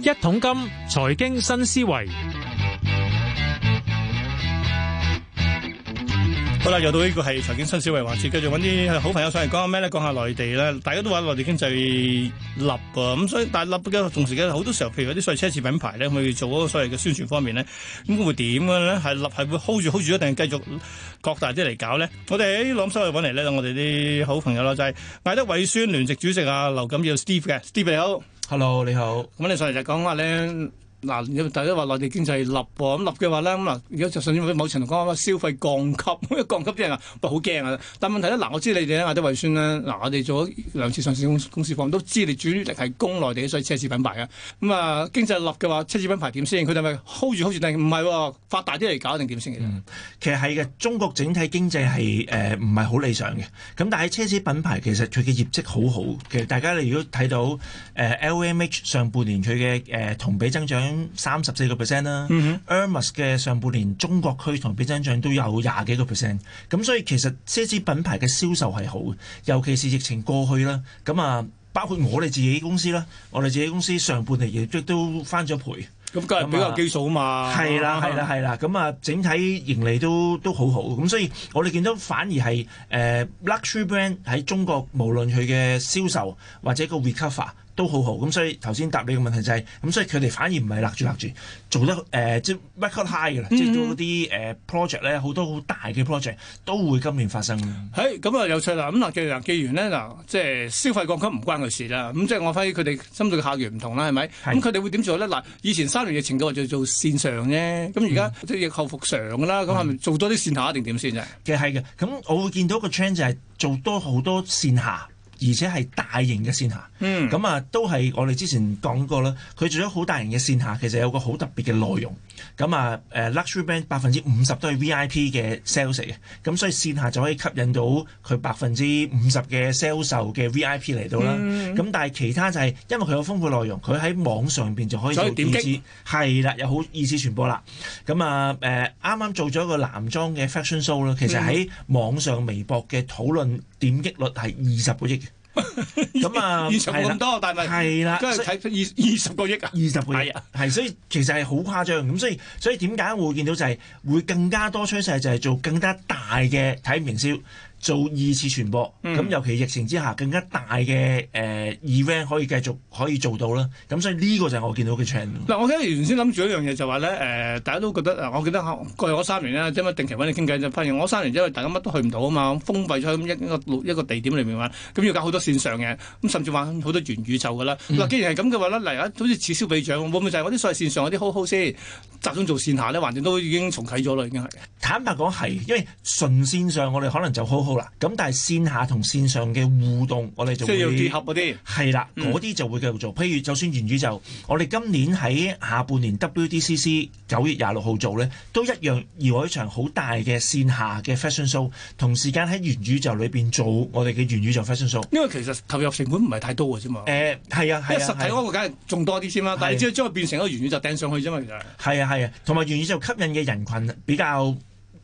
一桶金，財經新思維。好啦，又到呢個係財經新思維環節，繼續揾啲好朋友上嚟講下咩咧，講下內地咧，大家都話內地經濟立啊，咁所以但立嘅同時間，好多時候，譬如有啲所謂奢侈品牌咧，去做嗰個所謂嘅宣傳方面咧，咁會點嘅咧？係立係會 hold 住 hold 住，繼一定係繼續擴大啲嚟搞咧？我哋喺諗收入揾嚟咧，我哋啲好朋友啦，就係艾德偉宣聯席主席啊，劉錦耀 Steve 嘅，Steve 你好，Hello 你好，咁你上嚟就講話咧。嗱，大家話內地經濟立喎，咁立嘅話咧，咁嗱，而家就算某程度講，消費降級，降級啲人話，好驚啊！但係問題咧，嗱，我知道你哋喺艾德韋宣啦。嗱，我哋做咗兩次上市公公司訪，都知道你主力係供內地，所以奢侈品牌嘅。咁啊，經濟立嘅話，奢侈品牌點先？佢哋咪 hold 住 hold 住定唔係？發大啲嚟搞定點先？其實係嘅，中國整體經濟係誒唔係好理想嘅。咁但係奢侈品牌其實佢嘅業績好好，其實大家你如果睇到誒、呃、L M H 上半年佢嘅誒同比增長。三十四個 percent 啦 a r m u s 嘅、啊嗯哼 er、上半年中國區同比增長都有廿幾個 percent，咁所以其實奢侈品牌嘅銷售係好，尤其是疫情過去啦，咁啊包括我哋自己公司啦，我哋自己公司上半年亦都翻咗倍，咁、嗯哼嗯、比較基數啊嘛，係啦係啦係啦，咁啊整體盈利都都好好，咁所以我哋見到反而係誒、呃、luxury brand 喺中國無論佢嘅銷售或者個 recover。都好好咁，所以頭先答你嘅問題就係、是、咁，所以佢哋反而唔係勒住勒住，做得即係、呃就是、record high 嘅啦，嗯、即係做嗰啲 project 咧，好多好大嘅 project 都會今年發生嘅。咁啊，就有趣啦！咁嗱，既然既然咧嗱，即係消費降級唔關佢事啦。咁即係我發現佢哋針對嘅客源唔同啦，係咪？咁佢哋會點做咧？嗱，以前三年疫情嘅話就做線上啫，咁而家即係後復常㗎啦，咁係咪做多啲線下定點先？其實係嘅，咁我會見到個 trend 就係做多好多線下。而且係大型嘅線下，咁、嗯、啊都係我哋之前講過啦。佢做咗好大型嘅線下，其實有個好特別嘅內容。咁啊、呃、luxury brand 百分之五十都係 V I P 嘅 sales 嘅，咁所以線下就可以吸引到佢百分之五十嘅銷售嘅 V I P 嚟到啦。咁、嗯、但係其他就係因為佢有豐富內容，佢喺網上面就可以二次係啦，又好二次傳播啦。咁啊啱啱、呃、做咗一個男裝嘅 fashion show 啦，其實喺網上微博嘅討論。嗯點擊率係二十個億，咁 啊，二十咁多，了但係係啦，咁係睇二二十個億啊，二十以個億係啊，係所以其實係好誇張，咁所以所以點解我會見到就係會更加多趨勢就係做更加大嘅體面營銷。做二次傳播，咁、嗯、尤其疫情之下更加大嘅誒、呃、event 可以繼續可以做到啦。咁所以呢個就係我見到嘅 channel。嗱、嗯，我記得原先諗住一樣嘢就話咧誒，大家都覺得我記得過去我三年啦，即係定期揾你傾偈就發現我三年之後大家乜都去唔到啊嘛，封閉咗一個一個地點裡面玩。咁要搞好多線上嘅，咁甚至玩好多元宇宙噶啦。嗱、嗯，既然係咁嘅話咧，嚟啊，好似此消彼長，可唔可以就係嗰啲所謂線上嗰啲 hold hold 先，集中做線下呢？環境都已經重啟咗啦，已經係。坦白講係，因為純線上我哋可能就好。咁、嗯、但係線下同線上嘅互動，我哋就會所以要結合嗰啲係啦，嗰啲了、嗯、就會繼續做。譬如就算元宇宙，我哋今年喺下半年 WDCC 九月廿六號做咧，都一樣搖一場好大嘅線下嘅 fashion show，同時間喺元宇宙裏面做我哋嘅元宇宙 fashion show。因為其實投入成本唔係太多嘅啫嘛。係、欸、啊，係啊，啊啊啊，因為實體嗰個梗係仲多啲先啦。啊、但係只要將佢變成一個元宇宙掟上去啫嘛，其實係啊係啊，同埋元宇宙吸引嘅人群比較，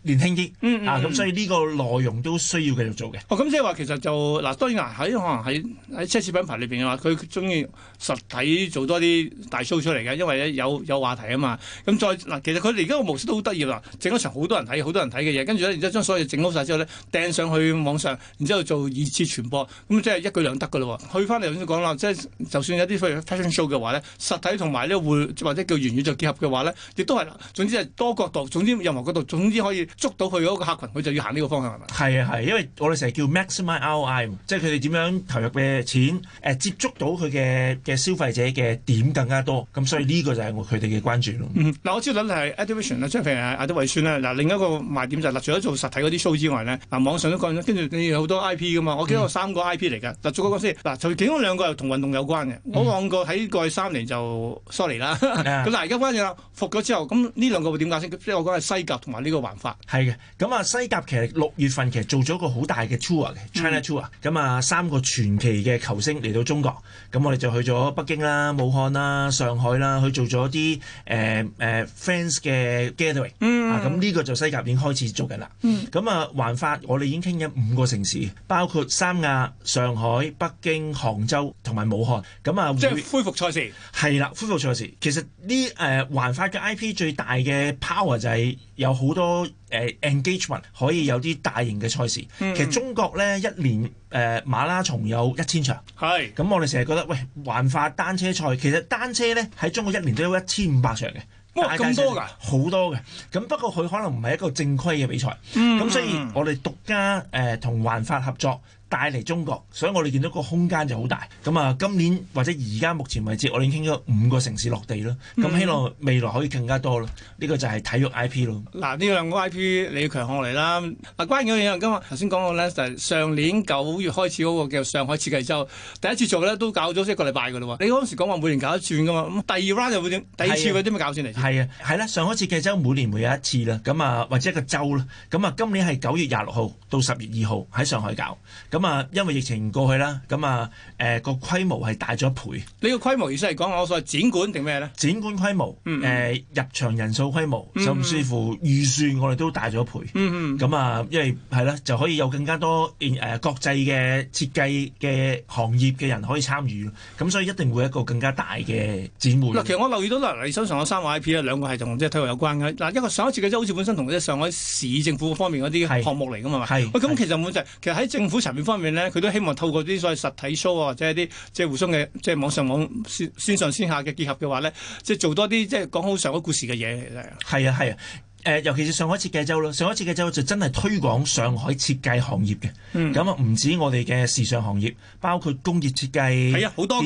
年輕啲，嗯嗯、啊咁所以呢個內容都需要繼續做嘅。哦，咁即係話其實就嗱，當然喺可能喺喺奢侈品牌裏邊嘅話，佢中意實體做多啲大 show 出嚟嘅，因為有有話題啊嘛。咁再嗱，其實佢哋而家個模式都好得意啦，整一場好多人睇，好多人睇嘅嘢，跟住咧然之後將所有整好晒之後咧掟上去網上，然之後做二次傳播，咁即係一舉兩得㗎咯。去翻嚟頭先講啦，即係就算有啲譬如 fashion show 嘅話咧，實體同埋呢個會或者叫言語就結合嘅話咧，亦都係啦。總之係多角度，總之任何角度，總之可以。捉到佢嗰個客群，佢就要行呢個方向係咪？係啊係，因為我哋成日叫 maximize ROI，即係佢哋點樣投入嘅錢，誒接觸到佢嘅嘅消費者嘅點更加多，咁所以呢個就係佢哋嘅關注咯。嗱、嗯嗯嗯，我知道咧係 education 啦，即係譬如係艾德韋宣啦。嗱、嗯，另一個賣點就係、是、除咗做實體嗰啲 show 之外咧，嗱網上都講，跟住你有好多 IP 嘅嘛。我記得有三個 IP 嚟嘅，嗱做嗰個先。嗱，其中兩個又同運動有關嘅，我望過喺過去三年就 sorry 啦。咁嗱、嗯，而家反正復咗之後，咁呢兩個會點解先？即係我講係西甲同埋呢個環法。係嘅，咁啊西甲其實六月份其實做咗個好大嘅 tour 嘅，China tour，咁、嗯、啊三個傳奇嘅球星嚟到中國，咁我哋就去咗北京啦、武漢啦、上海啦，去做咗啲誒誒、呃呃、fans 嘅 gathering，咁呢、嗯啊、個就西甲已經開始做緊啦。咁、嗯、啊環法我哋已經傾緊五個城市，包括三亞、上海、北京、杭州同埋武漢，咁啊即係恢復賽事，係啦，恢復賽事。其實呢誒、呃、環法嘅 IP 最大嘅 power 就係有好多。Uh, engagement 可以有啲大型嘅賽事，嗯、其實中國呢一年誒、呃、馬拉松有一千場，咁是我哋成日覺得喂，環法單車賽，其實單車呢喺中國一年都有一千五百場嘅。哇咁多㗎？好多嘅，咁不過佢可能唔係一個正規嘅比賽，咁、嗯、所以我哋獨家同環法合作。帶嚟中國，所以我哋見到個空間就好大。咁啊，今年或者而家目前為止，我哋已經傾咗五個城市落地咯。咁希望未來可以更加多咯。呢、呢個就係體育 I P 咯。嗱、嗯，呢兩個 I P 你要強項嚟啦。嗱，關於嗰樣嘢咁啊，頭先講到咧，就係、上年九月開始嗰個叫上海設計周，第一次做咧都搞咗一個禮拜噶喎。你當時講話每年搞一轉噶嘛，咁第二 round 又會點？第二次嗰啲乜搞轉嚟？係啊，係啦、啊啊啊，上海設計周每年會有一次啦。咁啊，或者一個週啦。咁啊，今年係九月廿六號到十月二號喺上海搞。咁啊，因為疫情過去啦，咁啊，誒、呃、個規模係大咗一倍。呢個規模意思係講，我所謂展館定咩咧？展館規模，誒、嗯嗯呃、入場人數規模，嗯、甚至乎預算，我哋都大咗一倍。咁、嗯嗯、啊，因為係啦、啊，就可以有更加多誒國際嘅設計嘅行業嘅人可以參與。咁所以一定會有一個更加大嘅展會。嗱、嗯，其實我留意到啦，你身上有三個 IP 啊，兩個係同即係體育有關嘅。嗱，一個上一次嘅，即好似本身同即係上海市政府方面嗰啲項目嚟㗎嘛。係，咁其實就係其實喺政府層面，方面咧，佢都希望透過啲所謂實體 show 或者一啲即係互相嘅即係網上網線上線下嘅結合嘅話咧，即係做多啲即係講好上海故事嘅嘢嚟。係啊，係啊、呃，尤其是上海設計周咯，上海設計周就真係推廣上海設計行業嘅。咁啊唔止我哋嘅時尚行業，包括工業設計係啊好多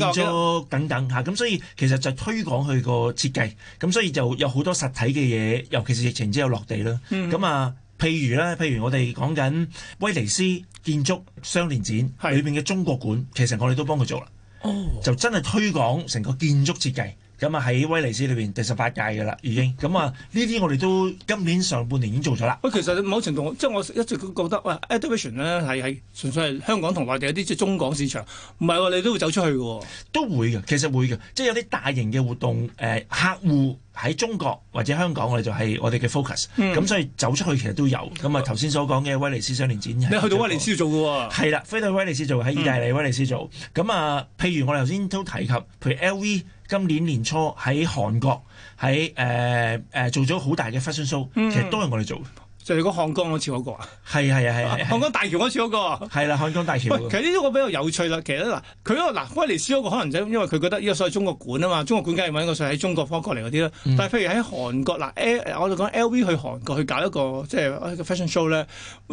等等嚇，咁所以其實就推廣佢個設計，咁所以就有好多實體嘅嘢，尤其是疫情之後落地啦。咁、嗯、啊。譬如咧，譬如我哋講緊威尼斯建築雙年展裏面嘅中國館，的其實我哋都幫佢做啦。哦，就真係推廣成個建築設計咁啊，喺威尼斯裏面，第十八屆㗎啦，已經咁啊，呢啲我哋都今年上半年已經做咗啦。喂，其實某程度即我一直都覺得喂 a d o i a t i o n 咧係係純粹係香港同埋地有啲即中港市場，唔係喎，你都會走出去嘅喎、哦。都會嘅，其實會嘅，即係有啲大型嘅活動、呃、客戶。喺中國或者香港我我 focus，、嗯，我哋就係我哋嘅 focus，咁所以走出去其實都有。咁啊頭先所講嘅威尼斯雙年展，你去到威尼斯做㗎喎，啊，係啦，飛到威尼斯做，喺意大利威尼斯做。咁啊、嗯，譬如我哋頭先都提及，譬如 LV 今年年初喺韓國，喺、呃、誒、呃、做咗好大嘅 fashion show，其實都係我哋做。嗯就係個漢江嗰次嗰、那個是是是是是啊，係係啊係，漢江大橋嗰次嗰個，係啦漢江大橋。其實呢個比較有趣啦，其實嗱，佢嗰個嗱、啊、威尼斯嗰個可能就是、因為佢覺得呢個所謂中國館啊嘛，中國館梗係揾個在喺中國方過嚟嗰啲啦。但係譬如喺韓國嗱、嗯、我就講 LV 去韓國去搞一個即係、就是、個 fashion show 咧，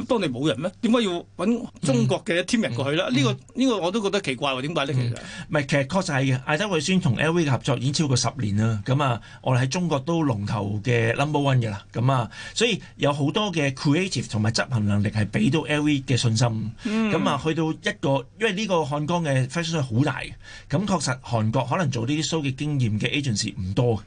當地冇人咩？點解要揾中國嘅 team 人、嗯、過去咧？呢、這個呢、這個我都覺得奇怪喎，點解呢？其實唔其實確實係嘅。艾德韋宣同 LV 嘅合作已經超過十年啦。咁啊，我哋喺中國都龍頭嘅 number one 嘅啦。咁啊，所以有好多。很多嘅 creative 同埋執行能力係俾到 LV 嘅信心，咁啊、嗯、去到一個，因為呢個漢江嘅 Fashion 好大，咁確實韓國可能做呢啲 show 嘅經驗嘅 agents 唔多。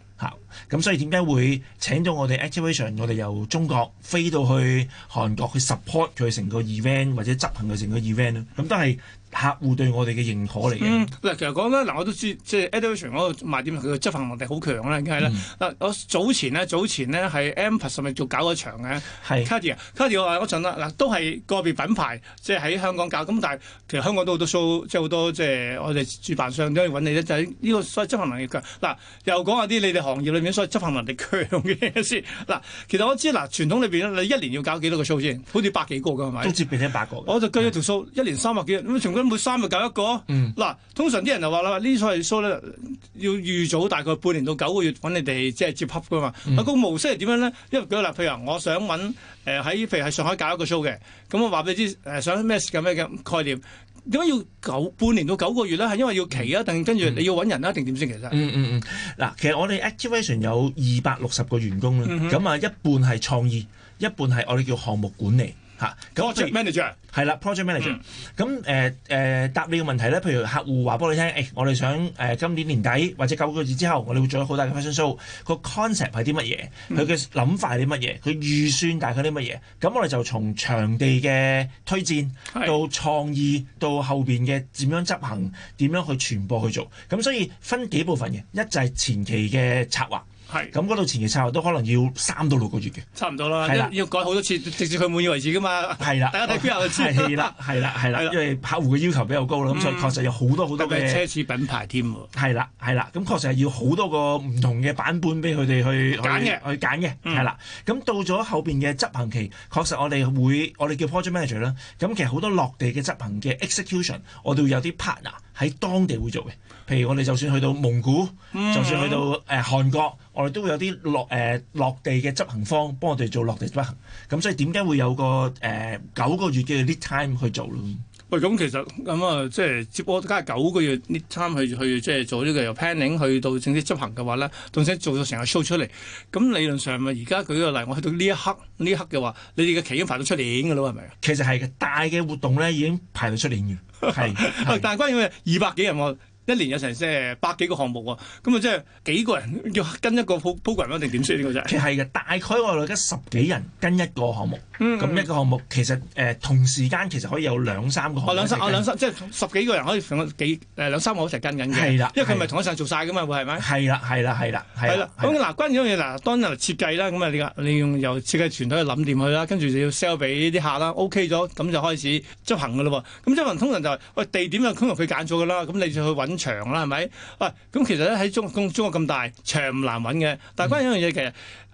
咁所以點解會請到我哋 Activation？我哋由中國飛到去韓國去 support 佢成個 event 或者執行佢成個 event 咧？咁都係客戶對我哋嘅認可嚟嘅。嗱、嗯，其實講咧，嗱，我都知道，即係 Activation 嗰個賣點，佢嘅執行能力好強啦，梗係啦。嗱、嗯，我早前咧，早前咧係 Empress 咪做搞咗場嘅？係 Kadi 啊，Kadi 我話嗰陣啦，嗱，都係個別品牌，即係喺香港搞。咁但係其實香港都好多 show，即係好多即係我哋主辦商都要揾你咧，就係、是、呢個所謂執行能力強。嗱，又講下啲你哋行業裏面所以執行能力強嘅先嗱， 其實我知嗱傳統裏邊你一年要搞幾多，多個 show 先，好似百幾個㗎係咪？都只俾百個。我就計咗條數，一年三百幾日，咁平均每三個搞一個。嗱、嗯，通常啲人就話啦，呢啲所謂 show 咧，要預早大概半年到九個月揾你哋即係接洽㗎嘛。啊、嗯，個模式係點樣咧？因為舉例，譬如話我想揾誒喺譬如喺上海搞一個 show 嘅，咁我話俾你知誒想咩嘅咩嘅概念。點解要九半年到九個月咧？係因為要期啊，定跟住你要揾人啦、啊，定點先？其實嗯嗯嗯，嗱、嗯嗯嗯，其實我哋 activation 有二百六十個員工啦，咁啊、嗯、哼一半係創意，一半係我哋叫項目管理。project manager 係啦，project manager。咁誒誒答你個問題咧，譬如客戶話畀你聽誒、哎、我哋想誒今年年底或者九個月之後我哋會做咗好大嘅 fashion show。個 concept 係啲乜嘢？佢嘅諗法係啲乜嘢？佢預算大概啲乜嘢？咁我哋就從場地嘅推薦、嗯、到創意，到後邊嘅點樣執行，點樣去傳播去做。咁所以分幾部分嘅，一就係前期嘅策劃。係，咁嗰度前期策劃都可能要三到六個月嘅，差唔多啦。係啦，要改好多次，直至佢滿意為止㗎嘛。係啦，大家睇邊個。係啦，係啦，係啦，因為客戶嘅要求比較高啦，咁所以確實有好多好多嘅奢侈品牌添喎。係啦，係啦，咁確實係要好多個唔同嘅版本俾佢哋去揀嘅，去揀嘅。係啦，咁到咗後面嘅執行期，確實我哋會，我哋叫 project manager 啦。咁其實好多落地嘅執行嘅 execution，我哋會有啲 partner 喺當地會做嘅。譬如我哋就算去到蒙古，就算去到誒韓國。我哋都會有啲落誒落地嘅執行方幫我哋做落地執行，咁所以點解會有個誒九、呃、個月嘅 lead time 去做咯？喂、嗯，咁其實咁啊、嗯，即係接我梗係九個月 lead time 去去即係做呢個由 planning 去到正式執行嘅話咧，到時做咗成個 show 出嚟，咁理論上咪而家舉個例，我去到呢一刻呢一刻嘅話，你哋嘅期已經排到出年已經㗎啦，係咪？其實係嘅，大嘅活動咧已經排到出年嘅，係， 但係關於二百幾人一年有成即係百幾個項目喎，咁啊即係幾個人要跟一個 program 定點算呢個啫？其實係嘅，大概我哋得十幾人跟一個項目。嗯，咁一個項目其實誒同時間其實可以有兩三個項目我兩三，我兩三，即係十幾個人可以上個幾誒兩三個一齊跟緊嘅。係啦，因為佢咪同一時間做晒嘅嘛，會係咪？係啦，係啦，係啦，係啦。咁嗱，關於呢樣嘢嗱，當然係設計啦。咁啊，你你用由設計團隊去諗掂佢啦，跟住要 sell 俾啲客啦。OK 咗，咁就開始執行嘅咯喎。咁執行通常就係喂地點啊，通常佢揀咗嘅啦，咁你就去揾場啦，係咪？喂，咁其實喺中中國咁大場唔難揾嘅，但係關於呢樣嘢其實。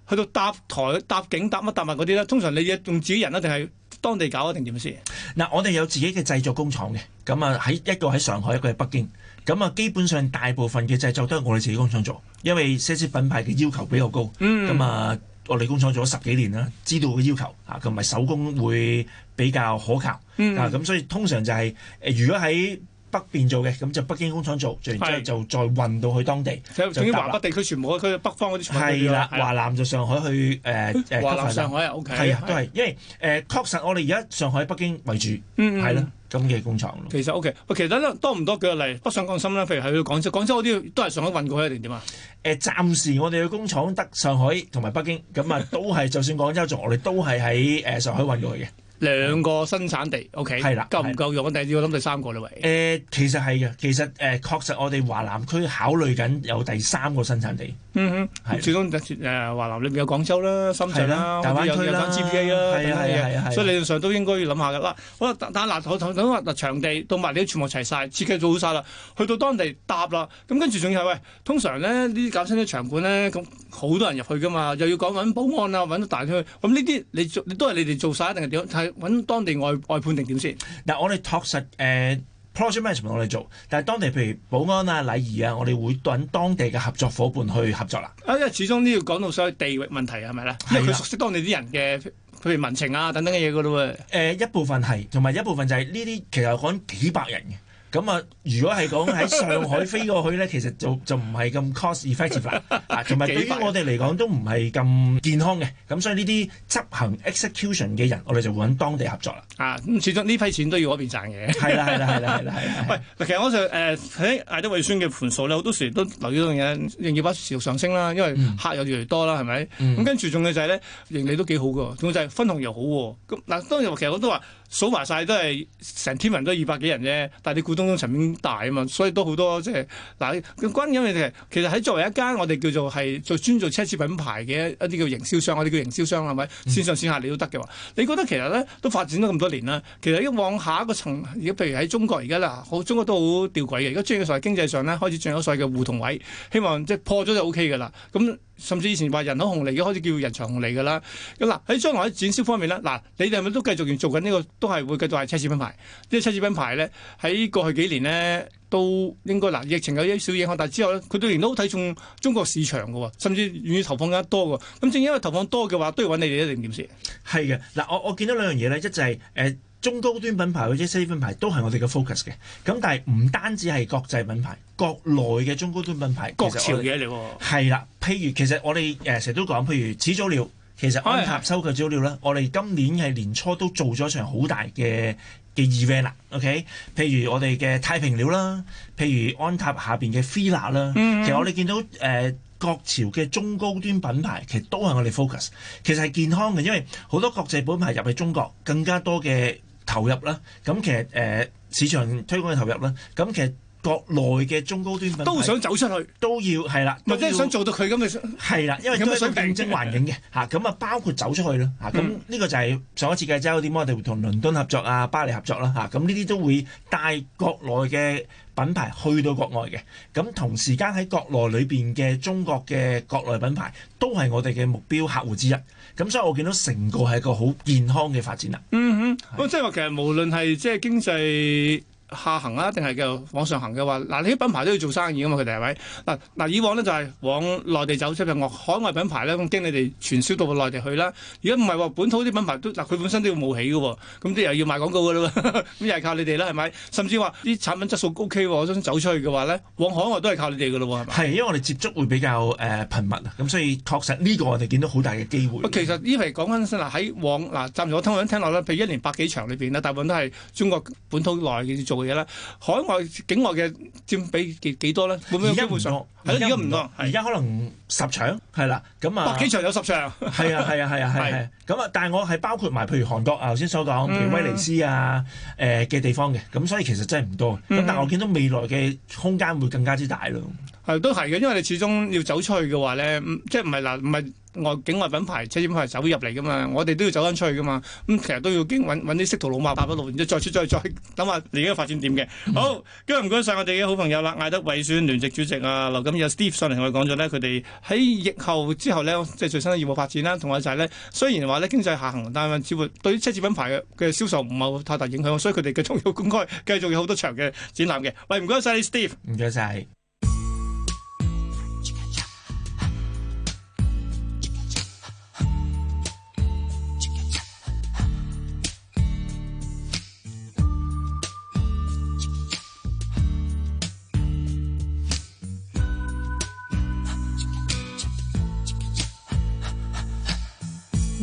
去到搭台搭景搭乜搭物嗰啲咧，通常你要用自己人咧，定係當地搞一定點先？嗱、嗯，我哋有自己嘅製作工廠嘅，咁啊喺一個喺上海，一個喺北京，咁啊基本上大部分嘅製作都係我哋自己的工廠做，因為奢侈品牌嘅要求比較高，咁啊、嗯、我哋工廠做咗十幾年啦，知道嘅要求啊，同埋手工會比較可靠啊，咁、嗯、所以通常就係、誒、如果喺北邊做嘅，咁就北京工廠做，做完之後就再運到去當地。就總之華北地區全部，去北方嗰啲。係啦，華南就上海去誒誒。華南上海啊，O K。係啊，都係，因為誒確實我哋而家上海、北京為主，係咯，咁嘅工廠咯。其實 O K，其實多唔多舉例？北上廣深啦，譬如係廣州，廣州嗰啲都係上海運過去定點啊？誒，暫時我哋嘅工廠得上海同埋北京，咁啊都係就算廣州做，我哋都係喺誒上海運過去嘅。兩個生產地，嗯，OK，係啦的，夠唔夠用？的我第二個諗第三個啦，喂的、呃。其實係嘅，其實誒，呃、確實我哋華南區考慮緊有第三個生產地。嗯哼，始的終誒、呃、華南裏面有廣州啦、深圳啦，好似的有有翻 GPA 啦，啦的等等嘢，所以理論上都應該要諗下嘅啦。好啦，打打爛台台，等啲場地、到物資全部齊曬，設計做好曬啦，去到當地搭啦，咁跟住仲要係喂，通常咧呢啲搞新啲場館咧，咁好多人入去噶嘛，又要講揾保安啊、揾大區，咁呢啲你，你做你都係你哋做曬，定係點？係揾當地外外判定點先？嗱，我哋確實誒。Project management 我哋做，但係當地譬如保安啊、禮儀啊，我哋會揾當地嘅合作伙伴去合作啦。啊，因為始終都要講到所謂地域問題，係咪咧？是的 因為佢熟悉當地啲人嘅，譬如民情啊等等嘅嘢噶啦喎。誒一部分係，同埋一部分就係呢啲，其實講幾百人嘅。咁啊、嗯，如果係講喺上海飛過去咧， 其實就就唔係咁 cost effective 啦，同埋對於我哋嚟講 都唔係咁健康嘅。咁所以呢啲執行 execution 嘅人，我哋就揾當地合作啦。啊，咁、嗯、始終呢批錢都要嗰邊賺嘅。係 啦，係啦，係啦，係啦。喂，其實我就誒喺艾德韋宣嘅盤數咧，好多時候都留意到樣嘢，營業額持續上升啦，因為客又越嚟越多啦，係咪？咁、嗯、跟住仲要就係咧，盈利都幾好嘅，仲要就係分紅又好喎、啊。咁嗱，當然其實我都話。數埋晒都係成天文都二百幾人啫，但係你股東都層面大啊嘛，所以都好多即係嗱。就是、關鍵因為其實喺作為一間我哋叫做係做專做奢侈品牌嘅一啲叫營銷商，我哋叫營銷商係咪、嗯、線上線下你都得嘅話，你覺得其實咧都發展咗咁多年啦。其實一往下一個層，而家譬如喺中國而家啦，好中國都好吊詭嘅。而家最緊要就經濟上咧開始進入所謂嘅胡同位，希望即係破咗就 O K 嘅啦。咁甚至以前話人口紅利已經開始叫人才紅利嘅啦。咁嗱喺將來喺展銷方面咧，嗱你哋係咪都繼續住做緊、這、呢個？都係會繼續係奢侈品牌，即係奢侈品牌咧喺過去幾年咧都應該嗱，疫情有少少影響，但係之後咧佢對然都好睇重中國市場嘅喎，甚至願意投放更加多嘅。咁正因為投放多嘅話，都要揾你哋一定點先？係嘅，嗱我我見到兩樣嘢咧，一就係、是、誒中高端品牌或者奢侈品牌都係我哋嘅 focus 嘅。咁但係唔單止係國際品牌，國內嘅中高端品牌國潮嘢嚟喎，係啦，譬如其實我哋誒成日都講，譬如始祖鳥。其實安踏收購嘅資料咧，い我哋今年係年初都做咗場好大嘅嘅 event 啦，OK？譬如我哋嘅太平鳥啦，譬如安踏下面嘅 FILA 啦，hmm。其實我哋見到誒國潮嘅中高端品牌，其實都係我哋 focus。其實係健康嘅，因為好多國際品牌入去中國更加多嘅投入啦。咁其實、呃、市場推廣嘅投入啦，咁其實國內嘅中高端品牌都，都想走出去，都要係啦，或者係想做到佢咁嘅，係啦，因為都想競爭環境嘅嚇，咁啊 包括走出去咯嚇，咁呢、嗯啊、個就係上一次嘅設計周點，我哋會同倫敦合作啊、巴黎合作啦嚇，咁呢啲都會帶國內嘅品牌去到國外嘅，咁同時間喺國內裏邊嘅中國嘅國內品牌都係我哋嘅目標客戶之一，咁所以我見到成個係一個好健康嘅發展啦，嗯哼，咁的、嗯、即係話其實無論係即係經濟。下行啊，定係繼續往上行嘅話，嗱，啲品牌都要做生意嘅嘛，佢哋係咪？嗱嗱，以往呢就係、是、往內地走出去，往海外品牌咧，咁經你哋傳銷到內地去啦。如果唔係話本土啲品牌都嗱，佢本身都要冒起嘅喎，咁啲又要賣廣告嘅啦喎，咁又係靠你哋啦，係咪？甚至話啲產品質素 OK，我想走出去嘅話咧，往海外都係靠你哋嘅咯，係係，因為我哋接觸會比較誒頻密啊，咁所以確實呢個我哋見到好大嘅機會。其實依期講緊喺往嗱暫時我聽想聽落啦，譬如一年百幾場裏邊呢，大部分都係中國本土內嘅做。會嘅啦，海外境外嘅佔比幾幾多咧？會唔會而家會上，而家唔多，而家是可能十場，係啦，咁啊百幾、哦、場有十場，係啊係啊係啊係啊，咁啊，但係我係包括埋譬如韓國啊頭先所講，譬如威尼斯啊誒嘅、嗯呃、地方嘅，咁所以其實真係唔多咁、嗯、但係我見到未來嘅空間會更加之大咯。都係嘅，因為你始終要走出去嘅話咧，即係唔係嗱，唔係外境外品牌奢侈品牌走入嚟噶嘛，我哋都要走翻出去噶嘛。咁、嗯、其實都要經啲識途老馬八一路，然之後再出再再等下你呢嘅發展點嘅。嗯、好，今日唔該晒我哋嘅好朋友啦，艾德韋宣聯席主席啊，劉錦耀 Steve 上嚟同我講咗呢。佢哋喺疫後之後呢，即係最新嘅業務發展啦，同埋就係呢。雖然話咧經濟下行，但係似乎對於奢侈品牌嘅銷售唔係太大影響，所以佢哋嘅重要公開繼續有好多場嘅展覽嘅。喂，唔該晒你 Steve。唔該晒。